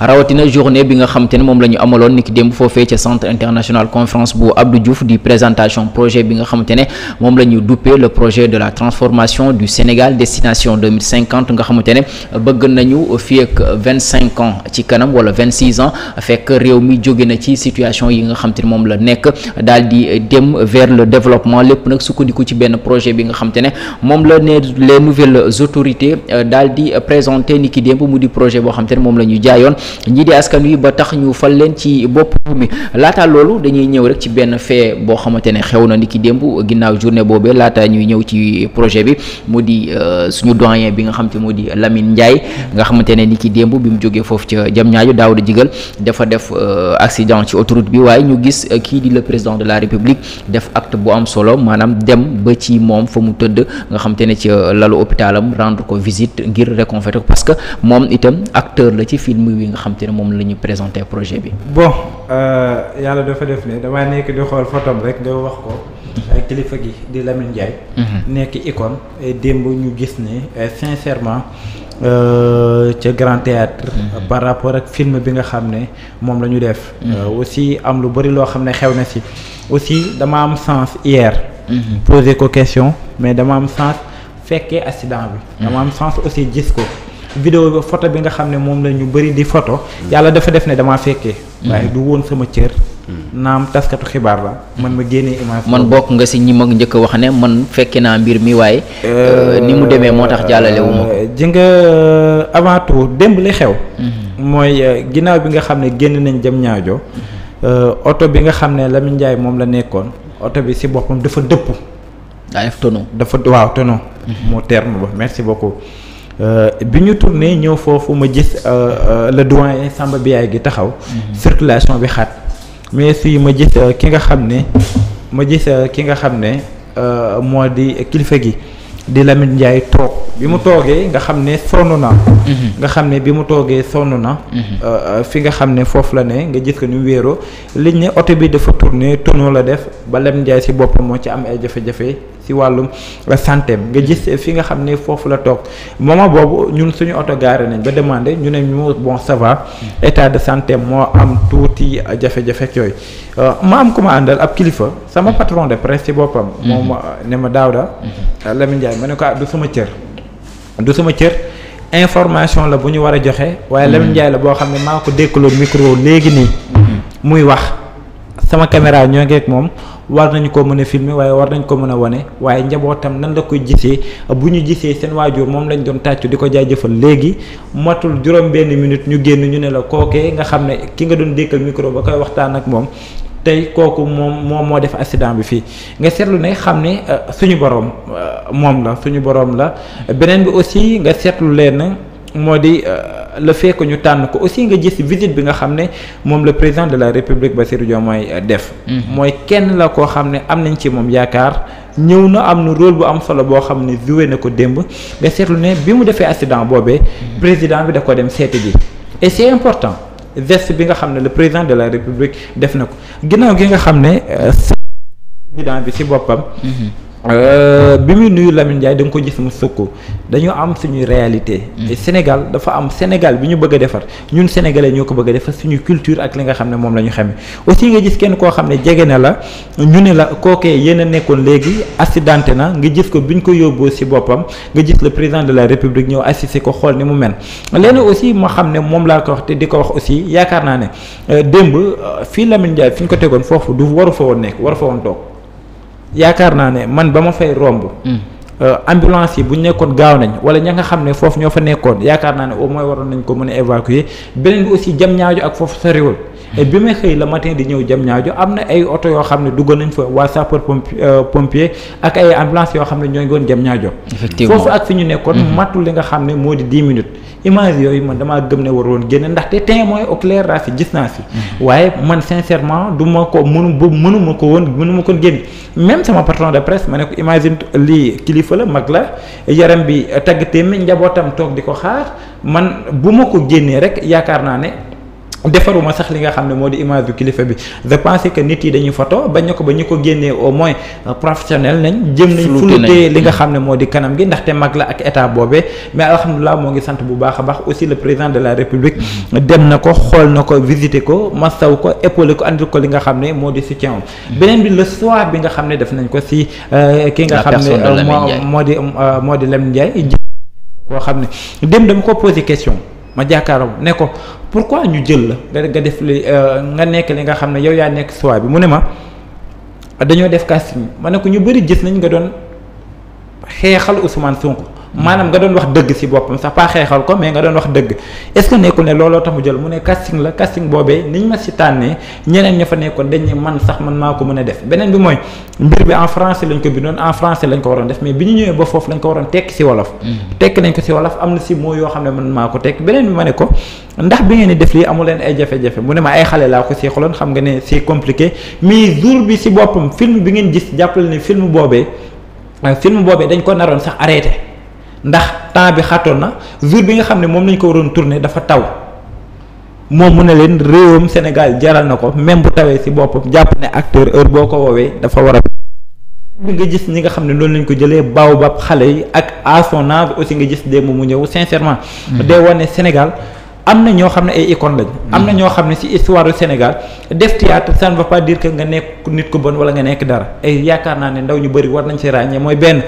rawatina journée bi nga xam te ne moom la ñu amaloon niki démb foofee ca centre international conférence bu Abdou Diouf di présentation projet bi nga xam te ne moom la ñu duppee le projet de la transformation du Sénégal destination 2050 nga xamante ne bëgg nañu fii ak vingt cinq ans ci kanam wala vingt six ans fekk réew mi jóge na ci situation yi nga xam te ne moom la nekk daal di dem vers le développement lépp nag sukkandiku ci benn projet bi nga xam te ne moom la ne les nouvelles autorités euh, daal di présenté ni ki démb mu di projet boo xam te ne moom la ñu jaayoon ñii di askan wi ba tax ñu fal leen ci bopp mi laata loolu dañuy ñëw rek ci benn fee boo xamante ne xew na ni ki démb ginnaaw journée boobee laata ñuy ñëw ci projet bi mu di euh, suñu doyen bi nga xam te mu di Lamine Ndiaye nga xamante ne ni ki démb bi mu jógee foofu ca Diamniadio Daouda Digal dafa def euh, accident ci autoroute bi waaye ñu gis euh, kii di le président de la République def acte bu am solo maanaam dem ba ci moom fa mu tëdd nga xamante ne ci lalu hôpitalam rendre ko visite ngir réconforter ko parce que moom itam acteur la ci film wi nga xam te ne moom la ñu présenté projet bi. bon euh, yàlla dafa def ne damaa nekk di xool photom rek nga wax ko. ay kilifa gi di Lamine Ndiaye. Mhm. nekk icône démb ñu gis ne euh, sincèrement. Euh, ca grand théâtre mhm. par rapport ak film bi nga xam ne moom la ñu def mhm. aussi am lu bëri loo xam ne xew na si aussi dama am sens hier poser ko question mais dama am sens fekkee accident bi dama am sens aussi gis ko vidéo ba photo bi nga xam ne moom la ñu bëri di photo yàlla dafa def ne damaa fekkee mm. waaye du woon sama cër mm. naam taskatu xibaar la man ma génne image man bokk nga si ñi mag njëkk wax ne man fekke naa mbir mi waaye euh, ni mu demee moo tax jàllale ko euh, ji nga euh, avant tout démb li xew mm-hmm. mooy ginnaaw bi nga xam ne génn nañ jëm ñaajo mm-hmm. oto bi nga xam ne Lamine njaay moom la nekkoon oto bi si boppam dafa dëpp daa def dafa waaw tonneau mm-hmm. moo terme ba merci beaucoup Euh, bi ñu tourné ñëw foofu ma gis euh, euh, le doyen Samba Biaye gi taxaw. Mhm. circulation bi xat mais si ma gis ki nga xam ne ma jis ki nga xam ne moo di kilifa gi di Lamine Ndiaye toog. bi mu toogee nga xam ne sonn na. Mhm. nga xam ne bi mu toogee sonn na. Mhm. Euh, euh, fi nga xam ne foofu la ne nga gis ko ni wéeroo liñ ne oto bi dafa tourné tonneau la def ba Lem Ndiaye si boppam moo ci am ay jafe si wàllum euh, santé nga gis fi nga xam ne foofu la toog moment boobu ñun suñu oto nañ ba demandé ñu ne ñu bon ça mhm. état de santé moo am tuuti jafe-jafe yooyu ma am ku ma àndal ab kilifa sama patron de presse si boppam. moom ne ma Daouda. Lamine Ndiaye ma ne ah, du sama cër. du sama cër information la bu ñu war a joxe waaye hmm. Lamine Ndiaye la boo xam ne maa ko dékkaloo micro léegi nii hmm. muy wax sama caméra ñoo ngi ak moom war nañu ko mën a filmer waaye war nañ ko mën a wane waaye njabootam nan la koy gisee bu ñu gisee seen waajur moom lañu doon tàccu di ko jaajëfal léegi matul juróom benn minute ñu génn ñu ne la kookee nga xam ne ki nga doon dékkal micro ba koy waxtaan ak moom tey kooku moom moom moo def accident bi fii nga seetlu ne xam ne euh, suñu boroom euh, moom la suñu boroom la beneen bi aussi nga seetlu leen moo di euh, le fait ñu tànn ko aussi nga gis visite bi nga xam ne moom la président de la république ba Bassirou Diomaye def. Mhm. mooy kenn la koo xam ne am nañ ci moom yaakaar ñëw na am na rôle bu am solo boo xam ne joué na ko démb nga seetlu ne bi mu defee accident boobee. Mhm. président bi da ko dem seeti bi et c'est important. geste bi nga xam ne le président de la république def na ko ginnaaw gi nga xam ne euh, président bi ci boppam. Mm-hmm. Euh, bi muy nuyu Lamine Ndiaye da nga ko gis mu sukk dañu am suñuy réalité mm. te Sénégal dafa am Sénégal bi ñu bëgg a defar ñun sénégalais ñoo ko bëgg a defar suñu culture ak li nga xam ne moom la ñu xamee aussi nga gis kenn koo xam ne jege na la ñu ne la kookee yéen nekkoon léegi accidenté na nga gis ko bi ko yóbboo si boppam nga gis le président de la république ñëw assisté ko xool ni mu mel leneen aussi moo xam ne laa ko wax te di ko wax aussi yaakaar naa ne euh, démb euh, fii Lamine Ndiaye fi ñu ko tegoon foofu du waru fa woon nekk waru fa woon toog yaakaar naa ne man ba ma fay romb. Hmm. Euh, ambulance yi bu ñu nekkoon gaaw nañ wala ña nga xam ne foofu ñoo fa nekkoon yaakaar naa ne au moins waroon nañ ko mën a évacuer beneen bi aussi jam ñaajo ak foofu soriwul et bi may xëy le matin di ñëw jam ñaajo am na ay oto yoo xam ne dugg nañ fa waa sapeur euh, pompier ak ay ambulance yoo xam ne ñoo ngi woon jam ñaajo foofu ak fi ñu nekkoon mhm. matul li nga xam ne moo di dix minutes image yooyu man damaa gëm ne waroon génne ndaxte témoin oculaire laa si gis naa si mhm. waaye man sincèrement du ma ko mënu bu ko woon mënuma ma ko génn même sama patron de presse ma ne ko imagine lii kilifa la mag la yaram bi tagg téeméer njabootam toog di ko xaar man bu ma ko génnee rek yaakaar naa ne defaruma sax li nga xam ne moo di image bu kilifa bi je pense que nit yi dañuy photo bañ ko ba ñu ko génnee au moins euh, professionnel nañ jëm nañ fulutee li nga xam ne moo di kanam gi ndaxte mag la ak état boobe mais alhamdulilah moo ngi sant bu baax a baax aussi le président de la république dem na ko xool na ko visiter ko masaw ko épaulé ko andil ko li nga xam ne moo di soutien mm. beneen bi le soir bi nga xam ne def nañ ko si euh, ki nga xam ne euh, moo moo di moo di Lamine Ndiaye koo xam ne dem dama ko posé question ma jàkkaaram ne ko pourquoi ñu jël la nga def li euh, nga nekk li nga xam ne yow yaa nekk choix bi mu ne ma dañoo def casting ma ne ko ñu bëri gis nañ nga doon xeexal Ousmane Sonko maanaam nga doon wax dëgg si boppam sax pas xeexal ko mais nga doon wax dëgg est-ce que nekkul ne looloo tax mu jël mu ne casting la casting boobee niñ ma si tànnee ñeneen ña fa nekkoon dañ ne man sax man maa ko mën a def beneen bi mooy mbir bi en français lañ ko bindoon en français lañ ko waroon def mais bi ñu ñëwee ba foofu lañ si wolof. Mm. tekki nañ ko si wolof am na si moo yoo xam ne man maa ko tekki beneen bi ma ne ko ndax bi ngeen di def lii amu leen ay jafe-jafe mu ne ma ay xale laa ko si xoloon xam nga ne c'est compliqué mais jour bi si boppam film bi ngeen gis jàppale ne film boobee film boobee dañ ko naroon sax arrêté ndax temps bi xatoon na jour bi nga xam ne moom lañ ko waroon tourner dafa taw moom mu ne leen réewam Sénégal jaral na ko même bu tawee ci boppam jàpp ne acteur heure boo ko woowee dafa war a bi nga gis ñi nga xam ne loolu lañ ko jëlee baobab xale yi ak à son aussi nga gis démb mu ñëw sincèrement mm. day wane Sénégal am na ñoo xam ne ay écone lañ mm. am na ñoo xam ne ci histoire du Sénégal def théâtre ça ne veut pas dire nga nekk nit ku bon wala nga nekk dara ay yaakaar naa ne ndaw ñu bëri war nañ ci ràññee mooy benn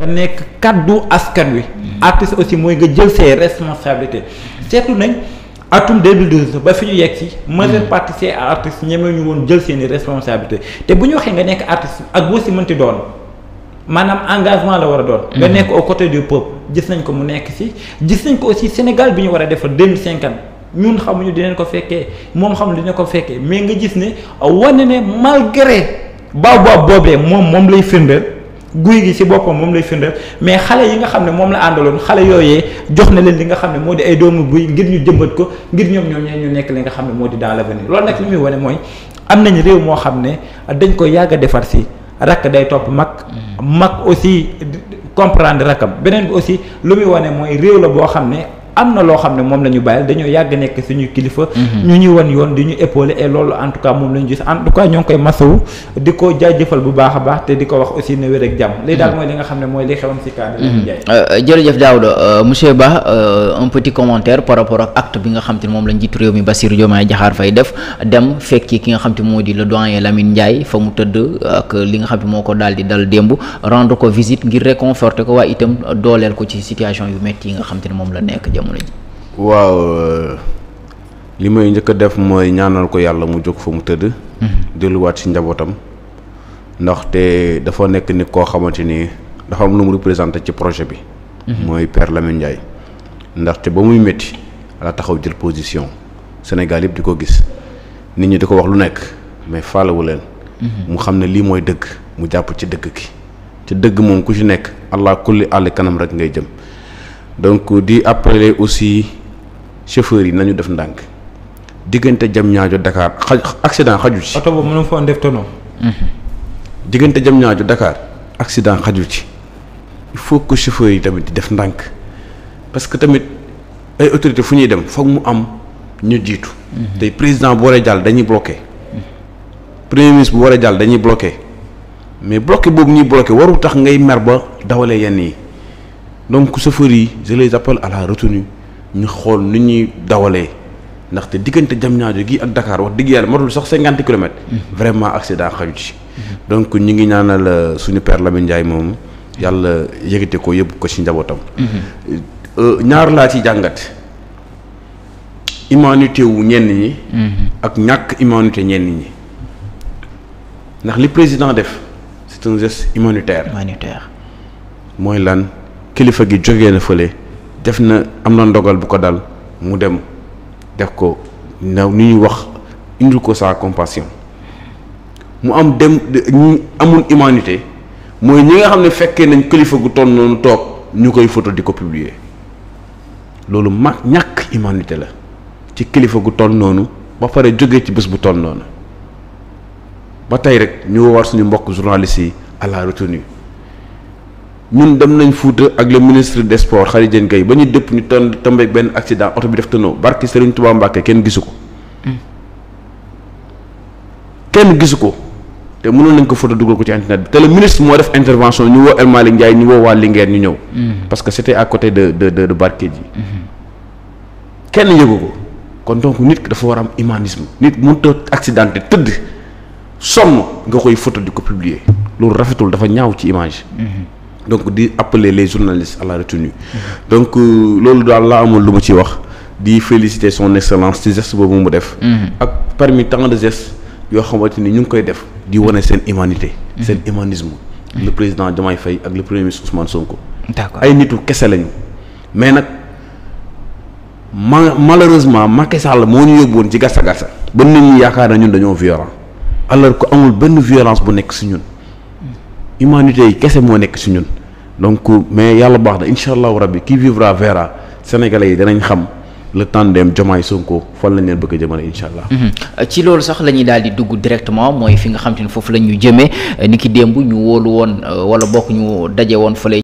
nga nekk kaddu askan wi. artiste aussi mooy nga jël see responsabilités seetlu nañ atum 2012 ba fi ñu yegg si. majeure mm. partie ces artistes ñu woon jël seeni responsabilités te bu ñu waxee nga nekk artiste ak boo si mënti doon. maanaam engagement la war a doon. nga mm. nekk au côté du peuple gis nañ ko mu nekk si gis nañ ko aussi Sénégal bi ñu war a defar deux mille ñun xamuñu dinañ ko fekkee moom xam dina ko fekkee mais nga gis ne wane ne malgré baaw baaw boobee moom moom lay firndeel. guy gi ci boppam moom lay firndeel mais xale yi nga xam ne moom la àndaloon xale yooyee jox na leen li nga xam ne moo di ay doomu guy ngir ñu jëmbat ko ngir ñoom ñoom ñee ñu nekk li nga xam ne moo di dans l'avenir loolu nag li muy wane mooy am nañ réew moo xam ne dañ ko yàgg a defar si rakk day topp mag mm. mag aussi comprendre rakkam beneen bi aussi lu muy wane mooy réew la boo xam ne am na loo xam ne moom la ñu bàyyil dañoo yàgg nekk suñu kilifa. Mhm. ñu ñuy won yoon di ñu épaulé et loolu en tout cas moom la ñu gis en tout cas ñoo ngi koy masawu di ko jaajëfal bu baax a baax te di ko wax aussi ne wér ak jàmm. lii daal mhm. nga xam ne mooy li xewoon si cadre mhm. Ndiaye. Euh, euh, euh, monsieur Ba un petit commentaire par rapport ak acte bi nga xam te ne moom la njiitu réew mi Bassirou Diomaye Diakhar Faye def dem fekki ki nga xam te moo di le doyen Lamine Ndiaye fa mu tëdd ak li nga xam te moo ko daal di dal démb rendre ko visit ngir réconforter ko waaye itam dooleel ko ci situation yu métti yi nga xam ne moom la nekk jëm waaw euh, li may njëkk a def mooy ñaanal ko yàlla mu jóg fa mu tëdd. Mhm. delluwaat ci njabootam ndaxte dafa nekk nit koo xamante ni dafa am lu mu représenté ci projet bi. Mhm. mooy Père Lamine Ndiaye. ndaxte ba muy métti la taxaw jël position Sénégal yëpp di ko gis nit ñi di ko wax lu nekk mais faalewu leen. Mhm. mu xam ne lii mooy dëgg mu jàpp ci dëgg ki ci dëgg moom ku ci nekk allah kulli àll kanam rek ngay jëm. donc di appeler aussi chauffeurs yi nañu def ndànk diggante Diamniadio Dakar xaj accident xaju ci. oto boobu mën na def tono mhm. diggante Diamniadio Dakar accident xaju ci il faut que chauffeurs yi tamit di def ndànk parce que tamit ay autorités fu ñuy dem foog mu am ñu jiitu. Mhm. tey président bu waree jàll dañuy bloqué. Mhm. premier ministre bu waree jàll dañuy bloqué mais bloqué boobu ñuy bloqué warul tax ngay mer ba dawalee yenn yi. donc chauffeurs yi je les appelle à ñu xool nu ñuy dawalee ndaxte diggante Diamniadio gi ak Dakar wax dëgg yàlla matul sax cinquante kilomètres. Mm-hmm. vraiment accident xaju ci. Mm-hmm. donc ñu ngi ñaanal euh, suñu père Lamine Ndiaye moom yàlla yëgate ko yëpp ko ci njabootam. Mm-hmm. Euh, ñaar laa ci jàngat. humanité wu ñenn ñi. ak ñàkk humanité ñenn ñi ndax li président def c'est un geste humanitaire. humanitaire mooy lan. kilifa gi jógee na fële def na am na ndogal bu ko dal mu dem def ko na ni ñu wax indil ko sa compassion mu am dem ñu amul humanité mooy ñi nga xam ne fekkee nañ kilifa gu ton noonu toog ñu koy photo di ko publier loolu ma ñàkk humanité la ci kilifa gu ton noonu ba pare jóge ci bés bu toll noonu ba tey rek ñu war suñu mbokk journalistes yi à la ñun dem nañ Fuuta ak le ministre des sports Khary Diène Gaye ba ñu dëpp ñu ton tombé benn accident oto bi def tënoo barki Serigne Touba Mbacke kenn gisu ko mm. kenn gisu ko te mënoon nañ ko photo dugal ko ci internet bi te le ministre moo def intervention ñu woo El Malick Ndiaye ñu woo waa Linguère ñu ñëw. Mm. parce que c'était à côté de de de de Barkédji mm-hmm. kenn yëgu ko kon donc nit dafa war am humanisme nit mënut a accidenté tëdd sonn nga koy photo di ko publier loolu rafetul dafa ñaaw ci image. Mm-hmm. donc di appeler les journalistes à la retenue donc euh, loolu daal la amoon lu ma ci wax di féliciter son excellence ci geste boobu mu def mhm. ak parmi tant de gestes yoo xamante ni ñu ngi koy def di wane seen humanité mhm. seen humanisme mhm. le président Diomaye Faye ak le premier ministre Ousmane Sonko d'accord ay nitu kese lañu mais nag ma malheureusement Macky Sall moo ñu yóbbu woon ci gàssa gàssa ba nit ñi yaakaar na ñun dañoo violent alors ko amul benn violence bu nekk si ñun humanité yi kese moo nekk si ñun donc mais yàlla baax na incha allahu rabbi qui vivra verra sénégalais yi danañ xam le tandem Diomaye Sonko fan lañ leen bëgg a jëmale incha allah. Mhm. ci loolu sax la ñuy di dugg directement mooy fi nga xam foofu la ñu jëmee ni ki démb ñu wóolu woon wala bokk ñu daje woon fële.